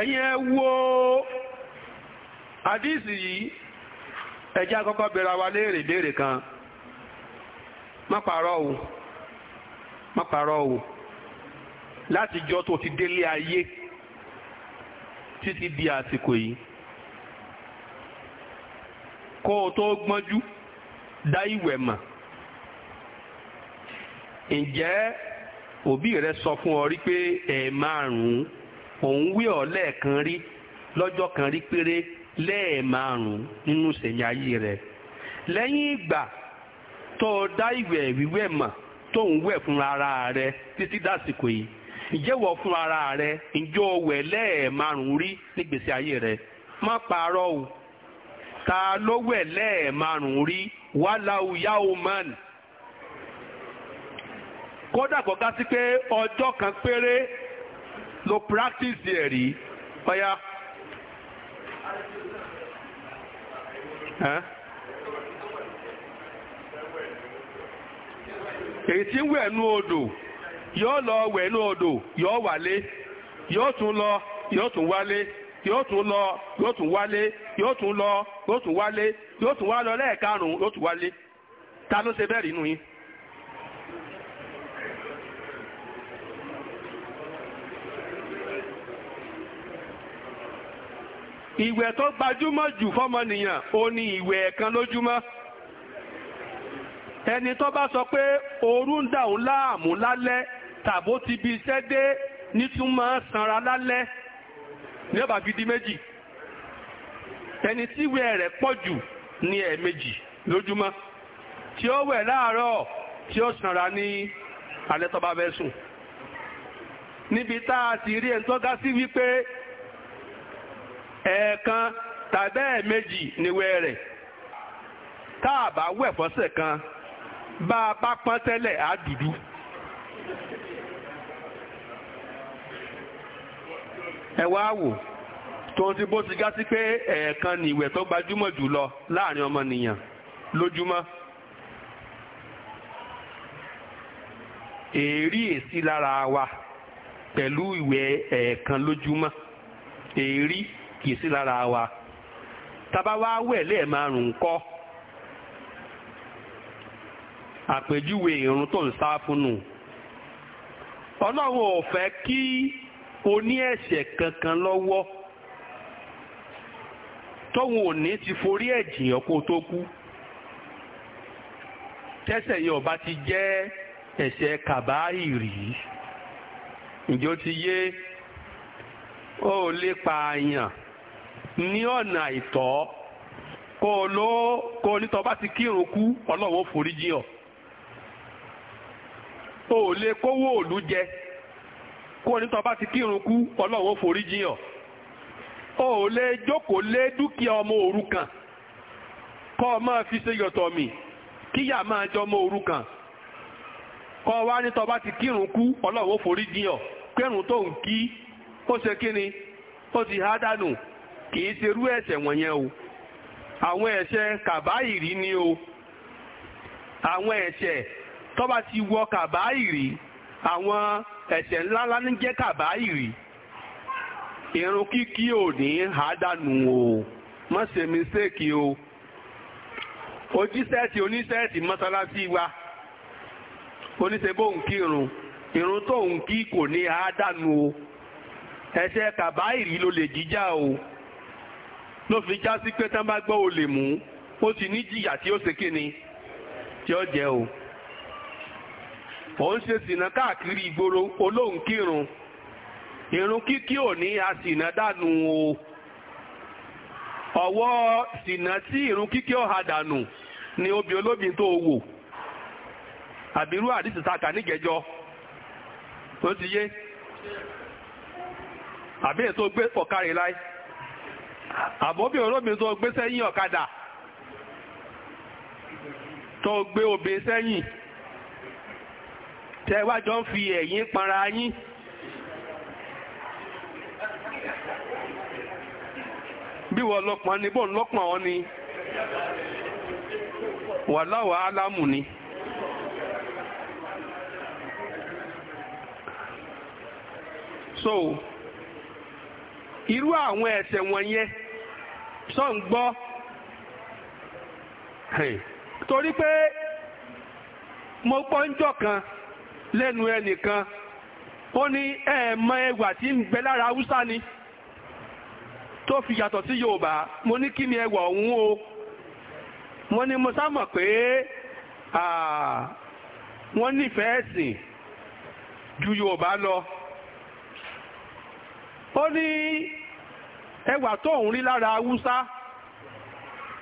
ẹ̀yin ẹ wo àdíìsì yìí ẹjẹ́ àkọ́kọ́ bẹ̀rẹ̀ wa léèrè léèrè kan má parọ́ o má parọ́ o láti jọ tó ti délé ayé títí di àsìkò yìí kó o tó gbọ́njú dá ìwẹ̀ mọ̀ ǹjẹ́ òbí rẹ sọ fún ọ rí pé ẹ̀ẹ̀márùn-ún òun wí kan ri rí kan rí péré lẹ́ẹ̀márùn-ún nínú ìsẹ̀mí ayé rẹ̀ lẹ́yìn ìgbà tó o dá ìwẹ̀ wíwẹ̀ mọ̀ tó ń wẹ̀ fún ara rẹ̀ títí dásìkò yìí ìjẹ́wọ́ fún ara rẹ̀ ìjọ wẹ̀ lẹ́ẹ̀márùn-ún rí nígbèsè ayé rẹ̀ má parọ́ o ta ló wẹ̀ lẹ́ẹ̀márùn-ún rí wàláwù yawman kódà kó sí pé ọjọ́ kan péré lo practice ẹ̀ rí eh? èyí tí ń wẹ̀ odò yóò lọ wẹ̀ odò yóò wálé yóò tún lọ yóò tún wálé yóò tún lọ yóò tún wálé yóò tún lọ yóò tún wálé yóò tún wá lọ lẹ́ẹ̀karùn-ún yóò tún wálé ta ló ṣe bẹ́ẹ̀ rí ìwẹ̀ tó gbajúmọ̀ jù fọ́mọnìyàn ó ní ìwẹ̀ ẹ̀kan lójúmọ́ ẹni tó bá sọ pé ooru ń dà òun láàmú lálẹ́ tàbó ti bi iṣẹ́ dé nítúmọ̀ sanra lálẹ́ ní ọba fi di méjì ẹni tí ìwẹ̀ rẹ̀ pọ̀ jù ní ẹ̀ẹ̀mejì lójúmọ́ tí ó wẹ̀ láàárọ̀ tí ó sanra ní alẹ́ tó bá sùn níbi tá a ti rí ẹni tó ga sí wípé ẹ̀ẹ̀kan tàbí ẹ̀ẹ̀mejì níwẹ̀ rẹ̀ tá a bá wẹ̀ fọ́sẹ̀ kan bá a bá pọ́n tẹ́lẹ̀ á dúdú. ẹ wá wò tóun ti bó ti gá sí pé ẹ̀ẹ̀kan ni ìwẹ̀ tó gbajúmọ̀ jùlọ láàrin ọmọnìyàn lójúmọ́. èrí èsí lára wa pẹ̀lú ìwẹ̀ ẹ̀ẹ̀kan lójúmọ́ èrí. àkíyèsí lára wa tábà wá wẹ̀ lẹ́ẹ̀márùn-ún kọ́ àpèjúwe ìrun tó ń sá fúnnù ọlọ́run ò fẹ́ kí oní ẹ̀ṣẹ̀ kankan lọ́wọ́ tóun ò ní ti forí ẹ̀jìyàn kó tó kú tẹ́ṣẹ̀ yẹn ọba ti jẹ́ ẹ̀ṣẹ̀ kàbáìrì ǹjọ́ ti yé ó lè pa àyàn. ní ọ̀nà àìtọ́ kó o ló kó o bá ti kírun kú ọlọ́run forí o lè kówó òlú jẹ kó o nítọ́ bá ti kírun kú ọlọ́run forí o jókòó lé dúkìá ọmọ kọ́ ọ fi ṣe yọ̀tọ̀ mi kíyà máa jọ ọmọ kì í ruo ẹ̀sẹ̀ wọ̀nyẹn o àwọn ẹ̀sẹ̀ kàbáyìrì ni o àwọn ẹ̀sẹ̀ tọba ti wọ kàbáyìrì àwọn ẹ̀sẹ̀ ńláńlá ní jẹ́ kàbáyìrì irun kíkí ò ní àádánù o má ṣe mistake o ojísẹ́ẹ̀tì onísẹ́ẹ̀tì mọ́sálásí wa oníṣẹ́bó ń kírun irun tó ń kí kò ní àádánù o ẹ̀sẹ̀ kàbáyìrì ló lè jíjà o. ló fi já sí pé tán bá gbọ́ olè mú ó ti ní jìyà tí ó se kíni tí ó jẹ o. òun ṣe sìnà káàkiri ìgboro olóhùn kírun irun kíkí ò ní àsìnà dànù o ọwọ́ sìnà tí irun kíkí ọ̀hà dànù ni obì olóbì tó wò àbírú àdìsí saka nígẹjọ tó ti yé àbí ètò gbé pọ̀ kárí láì. àbóbí olómi tó gbé sẹ́yìn ọ̀kadà tó gbé obè sẹ́yìn tẹ́ ń fi ẹ̀yìn para yín bí wọ́n lọ́pọ̀ ní wọn ni alámù so irú àwọn wọ̀nyẹn sọ ń gbọ́ torí pé mo gbọ́ ń jọ kan lẹ́nu ẹnìkan ó ní ẹ̀ẹ̀mọ ẹwà tí ń bẹ lára haúsá ni tó fi yàtọ̀ sí yorùbá mo ní kí ni ẹwà ọ̀hún o mo ní mo sá mọ̀ pé wọ́n nífẹ̀ẹ́ ẹ̀sìn ju yorùbá lọ ó ní ẹwà tó ń rí lára haúsá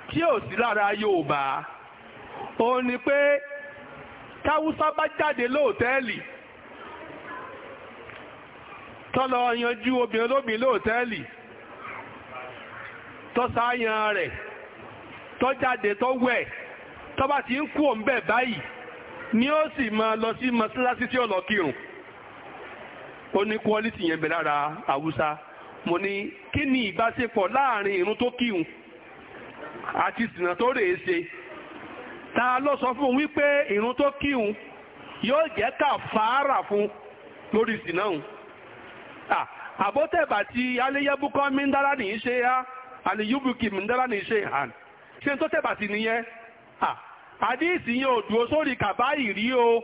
tí ò sí lára yorùbá òun ni pé táwúsá bá jáde lóòtẹ́ẹ̀lì tọ́lọ yanjú obìnrin olóbìnrin lóòtẹ́ẹ̀lì tọ́sáyan rẹ̀ tọ́jáde tọ́wẹ̀ tọ́bá ti ń kú òǹbẹ̀ báyìí ni ó sì máa lọ sí mọ́sálásí tí ó lọ kírun ó ní kọ́lítì yẹn bẹ̀ lára haúsá mo ní kí ni ìbáṣepọ̀ láàrin irun tó kíhun àti ìsìnà tó rèé ṣe ta ló sọ fún un wípé irun tó kíhun yóò jẹ́ ká fàárà fún lórí ìsìnà òun àbótẹ́bà tí aléyébúkọ́ mi ń dára nìyí ṣe á àlèyúbùkì mi ń dára nìyí ṣe hàn ṣe tó tẹ́bà sí nìyẹn àdíìsì yẹn dúró sórí kàbá ìrí o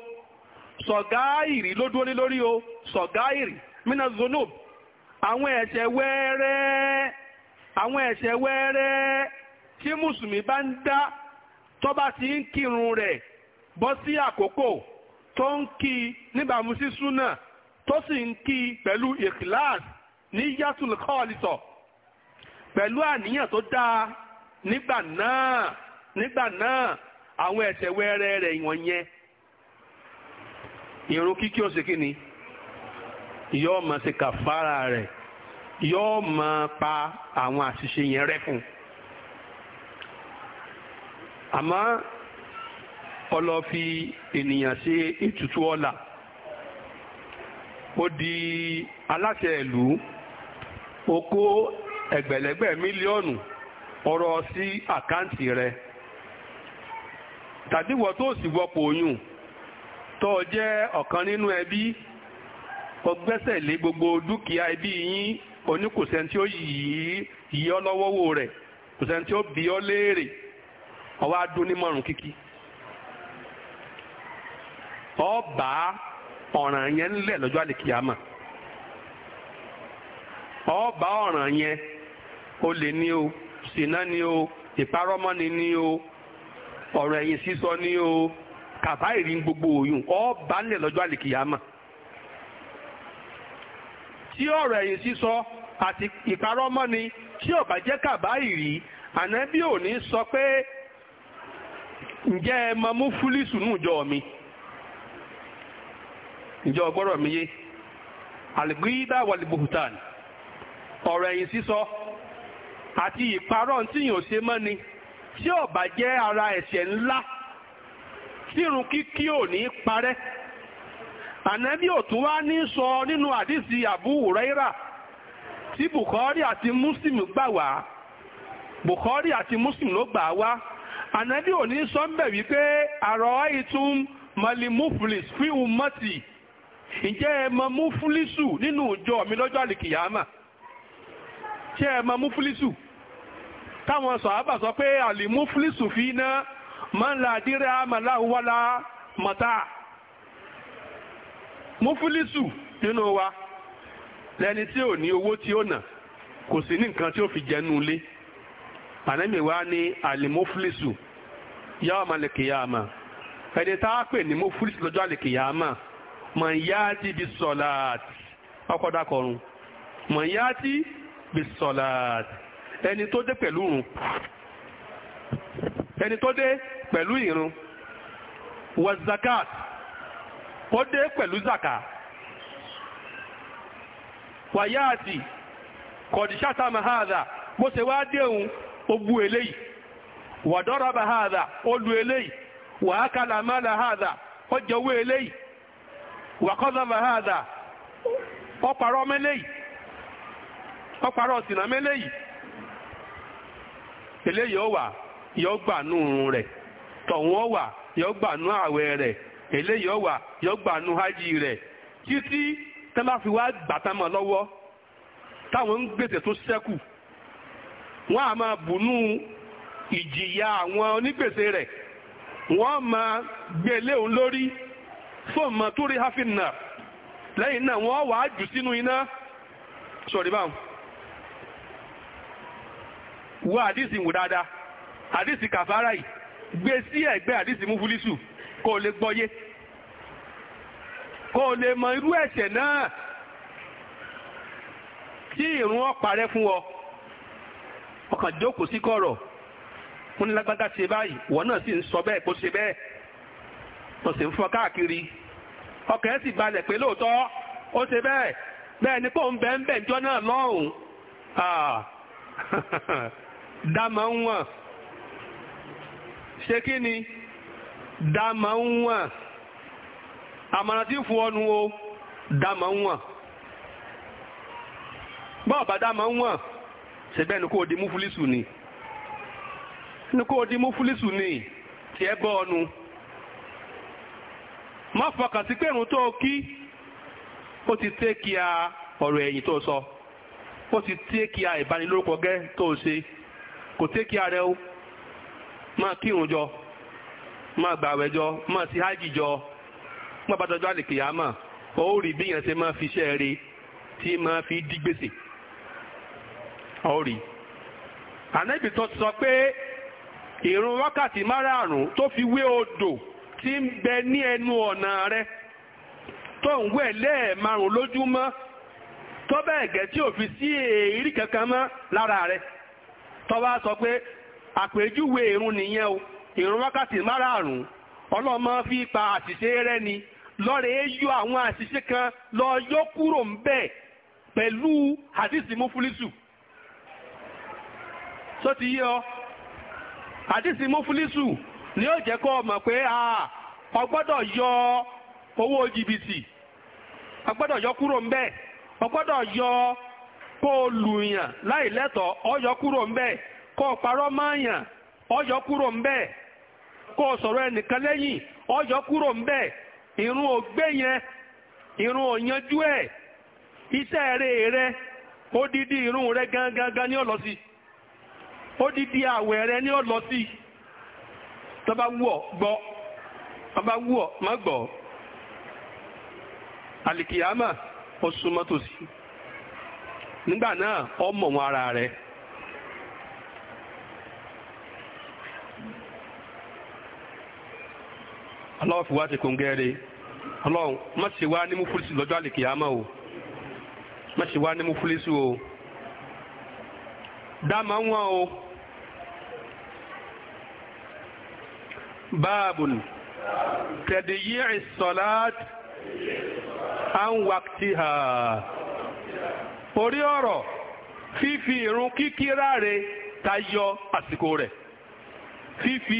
sọ̀gá ìrí ló dúró lórí o sọ̀gá ìrí mina zonub àwọn ẹ̀ṣẹ̀ wẹ́ẹ́rẹ́ àwọn ẹ̀ṣẹ̀ wẹ́ẹ́rẹ́ tí mùsùlùmí bá ń dá tó bá ti ń kírun rẹ̀ bọ́ sí àkókò tó ń kí níbàámu sí súnà tó sì ń kí pẹ̀lú ìkìláàs ní yàtúlù kọ́ọ̀lìsọ̀ pẹ̀lú àníyàn tó dáa nígbà náà nígbà náà àwọn ẹ̀ṣẹ̀ wẹ́ẹ́rẹ́ rẹ̀ ìwọ̀nyẹn ìrun kíkí ó ṣe kí ni. yóò ma ṣe kàfàrà yọ yóò máa pa àwọn àṣìṣe yẹn rẹ́ fún un àmọ́ ọlọ fi ènìyàn ṣe ètùtù ọlà ó di aláṣẹ ìlú ó kó ẹgbẹ̀lẹ́gbẹ̀ mílíọ̀nù ọrọ̀ sí àkáǹtì rẹ tàbí wọ́n tó sì wọ́pọ̀ oyún tó jẹ́ ọ̀kan nínú ẹbí Ọ gbẹ́sẹ̀ lé gbogbo dúkìá ibi yín oní kò sẹ́ni tí ó yìí yí ọ lọ́wọ́wọ́ rẹ̀ kò sẹ́ni tí ó bí ọ léèrè ọwọ́ ní kíkí. ọba ọ̀ràn ọba ọ̀ràn yẹn olè ni o ni o ìparọ́mọ́ni ni o ọ̀rọ̀ ẹ̀yìn sísọ ni o gbogbo ọba lọ́jọ́ àlèkìyàmà. sí ọ̀rọ̀ ẹ̀yìn sísọ àti ìparọ́ mọ́ni tí ó bá jẹ́ kàbáìrí ànábì ò ní sọ pé ǹjẹ́ ẹ mọ mú fúlísù nù jọ mi ǹjẹ́ ọgbọ́rọ̀ mi yé àlùgbídà wàlìbùtàn ọ̀rọ̀ ẹ̀yìn sísọ àti ìparọ́ tí yóò ṣe mọ́ni tí ó jẹ́ ara ẹ̀ṣẹ̀ ńlá tírun kíkí ò ní parẹ́ ànábì ò tún wá ní sọ nínú àdísì Abu Huraira tí Bukhari àti Muslim gbà wá Bukhari àti Muslim ló gbà wá ànábì ò ní sọ ń bẹ̀ wípé àrọ̀ ìtún malimuflis fi umati ǹjẹ́ ẹ mọ mufulisu nínú ìjọ mi lọ́jọ́ àlìkìyàmà ṣé ẹ mọ mufulisu táwọn sọ̀hábà sọ pé àlìmúfúlìsù fi iná máa ń la àdírẹ́ àmàláwọ́lá mọ̀tá mufilisu nínú wa lẹni tí ò ní owó tí ó nà kò sí ní nǹkan tí ó fi jẹnu lé ànẹ́mì wa ní alimufilisu yàwó malekeyama ẹni tá a pè ní mufilisu lọ́jọ́ alekeyama mọ̀ yá ti bi sọ̀láàtì ọkọ̀ dákọrùn mọ̀ yá ti bi sọ̀láàtì ẹni tó dé pẹ̀lú ìrun ẹni tó dé pẹ̀lú ìrun wà zakat O dé pẹ̀lú zaka wàyáàtì yaa mahadà bó ṣe wá déhùn ó eléyìí wàdọ́rọ̀ mahadà ó eléyìí wàákàlà mọ́là hadà ó jẹ owó eléyìí wàkọ́dọ̀ mahadà ó mẹ́lẹ́yìí ó sínà mẹ́lẹ́yìí eléyìí ó wà yóò gbà nù rẹ̀ tọ̀hún ó wà eléyìí wà yóò gbà nu hajj rẹ̀ títí tẹ́lá fi wá gbàtà mọ́ lọ́wọ́ táwọn ń gbèsè tó ṣẹ́kù wọ́n a máa bùnú ìjìyà àwọn onígbèsè rẹ̀ wọ́n máa gbé léun lórí fóun tó rí hafin náà lẹ́yìn náà wọ́n wàá jù sínú iná sọ̀rí báwọn wọ́n àdìsí dáadáa àdìsí kó o lè gbọ́yé kó o lè mọ irú ẹ̀ṣẹ̀ náà tí ìrún ọ̀parẹ́ fún ọ ọkàn jókòó sí kọ̀rọ̀ fún ní lágbádá ṣe báyìí wọ́n náà sì ń sọ bẹ́ẹ̀ kó ṣe bẹ́ẹ̀ tó sì ń fọ káàkiri ọkàn ẹ̀ sì balẹ̀ pé lóòótọ́ ó ṣe bẹ́ẹ̀ bẹ́ẹ̀ ni kò ń bẹ́ẹ̀ ń bẹ́ẹ̀ jọ náà lọ́hùn-ún dámọ̀ ń wọ̀n ṣé kí ni dáma ń wọ̀n àmàrà tí fún ọnu o dáma ń wọ̀n bọ́ọ̀bá dáma ń wọ̀n ṣẹ̀bẹ́ ní kò di múfúlísù ni ní kò di múfúlísù ni tí ẹ bọ́ ọnu má fọkàn sí pé ìrun tó kí ó ti tẹ́ kí a ọ̀rọ̀ ẹ̀yìn tó sọ ó ti tẹ́ kí a ìbanilórúkọ gẹ́ tó ṣe kò tẹ́ kí a rẹ ó máa kírun jọ. máa gbà jọ máa ti hajj jọ máa bá tọjọ́ àlèkèyàmà ó rí bí yẹn ṣe máa fi iṣẹ́ rẹ̀ tí máa fi dí gbèsè ó rí. ànábì tó sọ pé ìrun wákàtí márààrún tó fi wé odò tí ń bẹ ní ẹnu ọ̀nà rẹ̀ tó ń wẹ̀ lẹ́ẹ̀márùn lójúmọ́ tó bẹ́ẹ̀ gẹ́ tí ò fi sí èrí kankan mọ́ lára rẹ̀ tó sọ pé àpèjúwe ìrun nìyẹn o. ìrun wákàtí márààrún ọlọ́mọ fi pa àṣìṣe rẹ ni lọ́rẹ̀ẹ́ yọ àwọn àṣìṣe kan lọ yọ kúrò ń bẹ̀ pẹ̀lú hadisi mufulisu tó ti yọ hadisi mufulisu ni ó jẹ́ pé yọ owó jìbìtì ó yọ kúrò ń bẹ̀ yọ kó o láì lẹ́tọ̀ọ́ yọ kúrò ń bẹ̀ kó o Kọọsọrọ sọ̀rọ̀ ẹnìkan lẹ́yìn ọjọ́ kúrò ń bẹ̀ irun ò rẹ̀ rẹ̀ odidi irun rẹ̀ gangan ni odidi àwẹ̀ rẹ̀ ni ó sí tó bá wù gbọ́ má gbọ́ alikiyama ó súnmọ́ tòsí nígbà náà ọmọ ọlọ́run fi wá ti kún gẹ́rẹ́ ọlọ́run má ṣe wá ní múfúlísì lọ́jọ́ àlìkìyàmọ́ o má ṣe wá ní múfúlísì o dáàmà ń wọ́n o báàbùn tẹ̀díyí ìsọ̀láàt àǹwàkìtìhà orí ọ̀rọ̀ fífi ìrun kíkí ráre tayọ àsìkò rẹ̀ fífi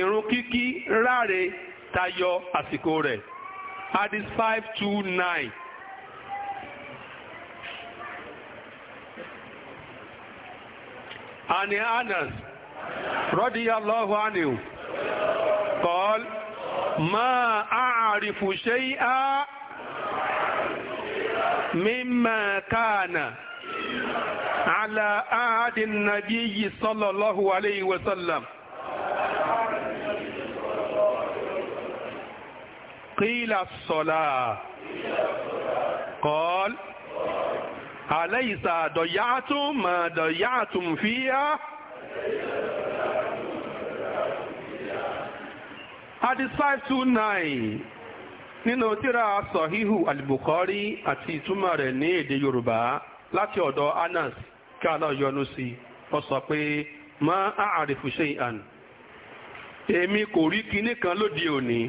ìrun kíkí ráre tayọ àsìkò rẹ̀ hadith five two nine. عن أنس رضي الله عنه قال ما أعرف شيئا مما كان على عهد النبي صلى الله عليه وسلم قيل الصلاة قال أليس ضيعتم ما ضيعتم فيها Hadith 529 nínú tírà Sọ̀híhù Al-Bukhari àti ìtumọ̀ rẹ̀ ní èdè Yorùbá láti ọ̀dọ̀ Anas kí Allah yọ́nú sí, ó sọ pé, Ma a'rifu shay'an. Èmi kò rí kinní kan lóde òní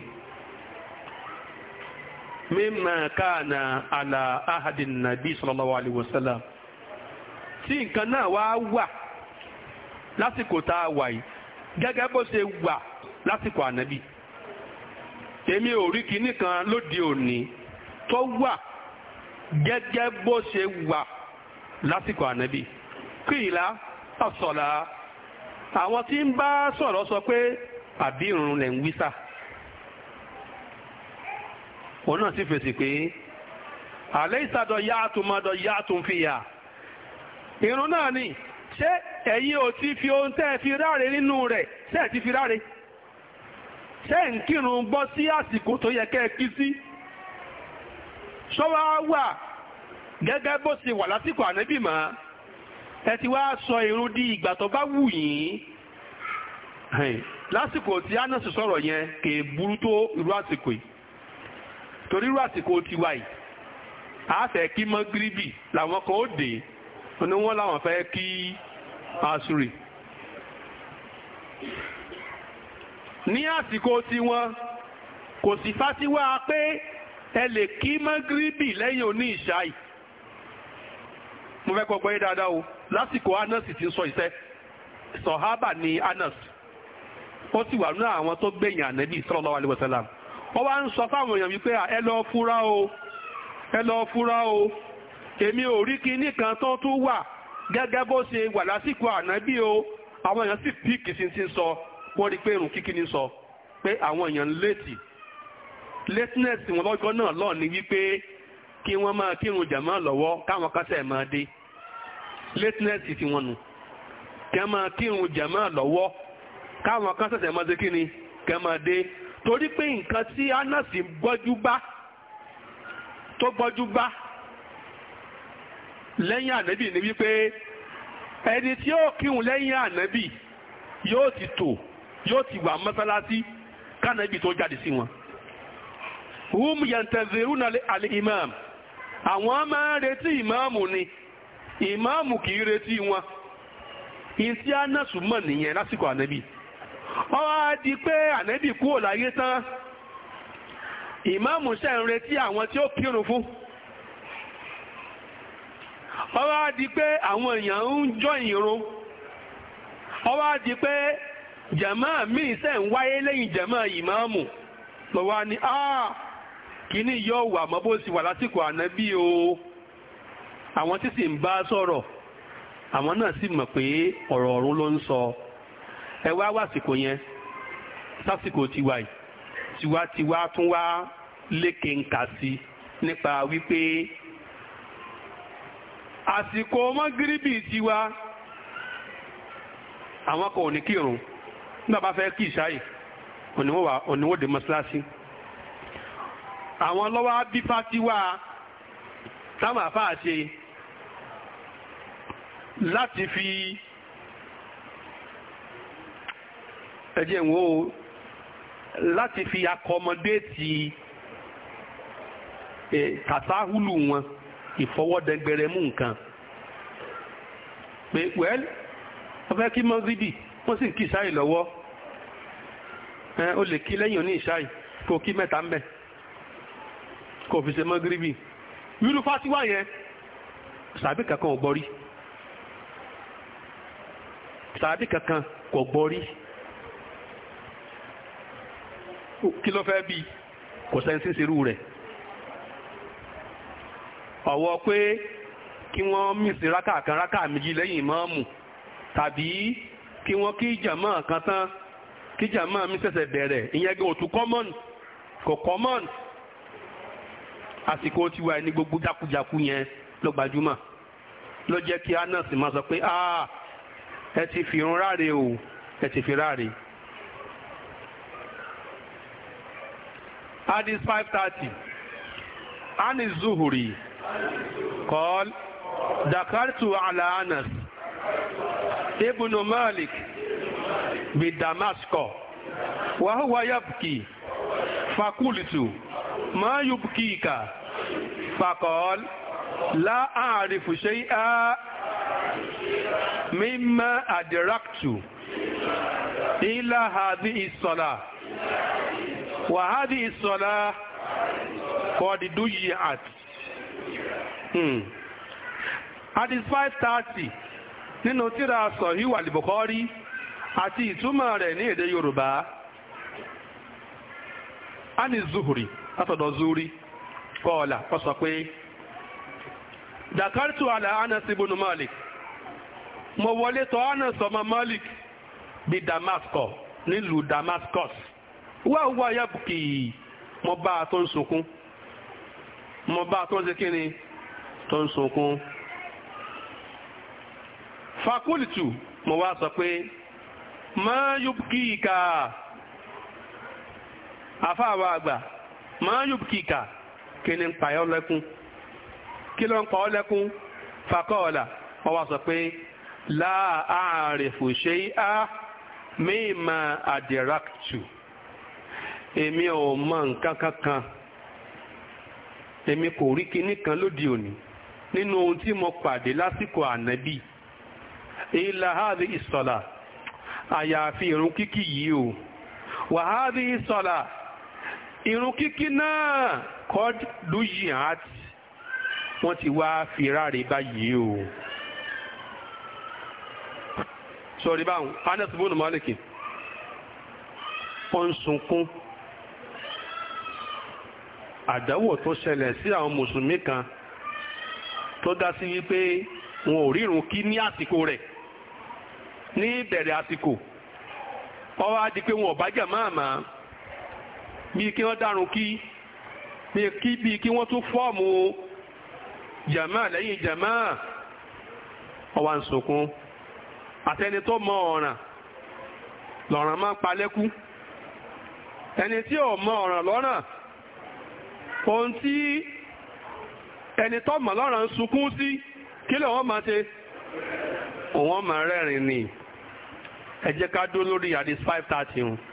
mímọ̀ káàna àlà ahadin nàbí sallallahu alaihi wasallam tí nǹkan náà wá wà lásìkò tá a wà yìí gẹ́gẹ́ bó ṣe wà lásìkò ànábì èmi ò rí kinní kan lóde òní tó wà gẹ́gẹ́ bó ṣe wà lásìkò ànábì kìlá ọ̀sọ̀la àwọn tí ń bá sọ̀rọ̀ sọ pé àbí irun lẹ̀ ń wí sáà òun náà sì fèsì pé àlẹ́ ìsàdọ̀ yá àtúmọ̀dọ̀ yá àtúnfìyà irun náà ni ṣé ẹ̀yin ò ti fi ohun tẹ́ fi ráre nínú rẹ̀ ṣé ẹ̀ ti fi ráre ṣé ń kírun bọ́ sí àsìkò tó yẹ kẹ́ ẹ kí sí ṣọ́wá wà gẹ́gẹ́ bó ṣe wà lásìkò ànábì ẹ ti wá sọ irun di ìgbà tó bá wù yín lásìkò tí Ánà sì sọ̀rọ̀ yẹn kè burú tó irú àsìkò yìí torí irú àsìkò tiwa yìí àáfẹ́ kí mọ́gíríbì làwọn kan ó dé ni wọ́n làwọn fẹ́ kí àṣùrì ní àsìkò tiwọn kò sì fásiwá pé ẹ lè kí mọ́gíríbì lẹ́yìn oní ìṣáì mo fẹ́ kọ́ gbọ́ yé dáadáa o lásìkò Anas ti ń sọ iṣẹ́ sọ̀hábà ni Anas ó sì wà nínú àwọn tó gbẹ̀yìn ànẹ́bí sallallahu alaihi wasallam wọ́n wá ń sọ fáwọn èèyàn wípé ẹ lọ fura o ẹ lọ fura o èmi ò rí kinní kan tó tún wà gẹ́gẹ́ bó ṣe wà lásìkò ànábì o àwọn èèyàn sì píìkì sí ti sọ wọ́n rí pé irun kíkí ní sọ pé àwọn èèyàn létí lateness wọn lọ́jọ́ náà lọ ní wípé kí wọ́n máa kírun jàmá lọ́wọ́ káwọn kásẹ̀ máa dé lateness ti wọn nù kí wọ́n máa kírun jàmá lọ́wọ́ káwọn kásẹ̀ máa dé kí ni kí wọ́n máa dé torí pé nǹkan tí Anas gbọ́jú bá tó gbọ́jú bá lẹ́yìn ànábì ni wípé ẹni tí yóò kírun lẹ́yìn ànábì yóò ti tò yóò ti wà mọ́sálásí kánàbì tó jáde sí wọn. hum yantaziru na al imam àwọn máa ń retí ìmáàmù ni ìmáàmù kì í retí wọn ìtí Anas mọ̀ nìyẹn lásìkò ànábì. ọ wá di pé ànẹ́bì kúrò láyé tán ìmáàmù ṣẹ̀ ń retí àwọn tí ó kírun fún ó wá di pé àwọn èèyàn ń jọ ìrun ó wá di pé jàmáà míì ń wáyé lẹ́yìn ìmáàmù ni kíní yóò wà mọ́ bó sì wà lásìkò o àwọn tí sì ń bá sọ̀rọ̀ àwọn náà sì mọ̀ pé ọ̀rọ̀ ọ̀run ẹ wá wàsìkò yẹn sásìkò tiwa yìí tiwa tiwa tún wá lékè nkà sí nípa wípé àsìkò mọ́gíríbì tiwa àwọn kan ò ní kírun nígbà bá fẹ́ kí ìṣáyè òníwòde mọ́ṣáláṣí àwọn lọ́wọ́ bífá tiwa táwọn àfáà ṣe láti fi. ẹjẹ́ ìwọ̀n o láti fi akọmọdéètì e, tàtàhùlù wọn ìfọwọ́dẹgbẹrẹ mú nǹkan pé wẹ́l wọ́n fẹ́ kí mọ́sídì wọ́n sì ń kí ìṣáì lọ́wọ́ o lè kí lẹ́yìn oní ìṣáì kò kí mẹ́ta ń bẹ̀ kò fi ṣe mọ́gíríbì irú fásiwá yẹn sàbí kankan ò gbọ́ rí sàbí kankan kò gbọ́ rí kí ló fẹ́ bí kò sẹ́ńtì ṣerú rẹ̀ ọ̀wọ́ pé kí wọ́n mìsí rákà kan rákà méjì lẹ́yìn mọ́ọ̀mù tàbí kí wọ́n kí jàmọ́ kan tán kí jàmọ́ mi ṣẹ̀ṣẹ̀ bẹ̀rẹ̀ ìyẹn gan òtún common kò common àsìkò tí wà ní gbogbo jákujáku yẹn ló gbajúmọ̀ ló jẹ́ kí Anas máa sọ pé ah, ẹ ti fi irun ráre o ẹ ti fi ráre. hadith 5:30. thirty ani zuhuri kọ́l dakartu ala anas ibnu malik bi damasko wahuwa yabki fakultu ma yubkika fakọ́l la aarifu shay'a mimma adraktu ila hadhihi wàhádì ìsọ̀lá kọ́ọ̀dìdú yìí àt is five thirty nínú tíra sọ̀híwà lìbùkọ́rí àti ìtumọ̀ rẹ̀ ní èdè yorùbá a ní zuhuri látọ̀dọ̀ zuri kọ́ọ̀lá kọ́ sọ pé dakartu ala anas ibn malik mo wọlé tọ̀ anas ọmọ malik bí damascus nílùú damascus wá wá yàbùkì mo bá a tó ń sunkún mo bá a tó ń ṣe kíni tó ń sunkún fakulitu mo wá sọ pé máa yùbùkì kà àfáàwọ̀ àgbà máa yùbùkì kà kí ni ń pa ọ́ lẹ́kún kí ló ń pa ọ́ lẹ́kún fakọ́ọ̀là wọ́n wá sọ pé láàárín fòṣe á mímọ àdìrákìtù. èmi ò mọ nǹkan kankan èmi kò rí kinní kan lóde òní nínú ohun tí mo pàdé lásìkò ànábì ìlà hàdí ìsọ̀là àyàfi irun kíkí yìí o wàhádí ìsọ̀là ìrun kíkí náà kọ́d lóyè àti wọ́n ti wá fi ráre báyìí o sọ̀rí báwọn Anas bónú Málìkì ó ń àdánwò tó ṣẹlẹ̀ sí àwọn mùsùlùmí kan tó dá sí wípé wọn ò rírun kí ní àsìkò rẹ̀ ní ìbẹ̀rẹ̀ àsìkò ó wá di pé wọn ò bá jà máa mà bí kí wọ́n dárun kí bí kí wọ́n tún fọ́ọ̀mù jàmáà lẹ́yìn jàmáà ó wá àtẹni tó mọ ọ̀ràn lọ́ràn máa ń palẹ́kú ẹni tí ò mọ ọ̀ràn lọ́ràn ohun tí ẹni tó mọ̀ lọ́rọ̀ ń sunkún sí kí lè wọ́n máa ṣe òun máa rẹ́rìn ni ẹ ká dó lórí àdís 530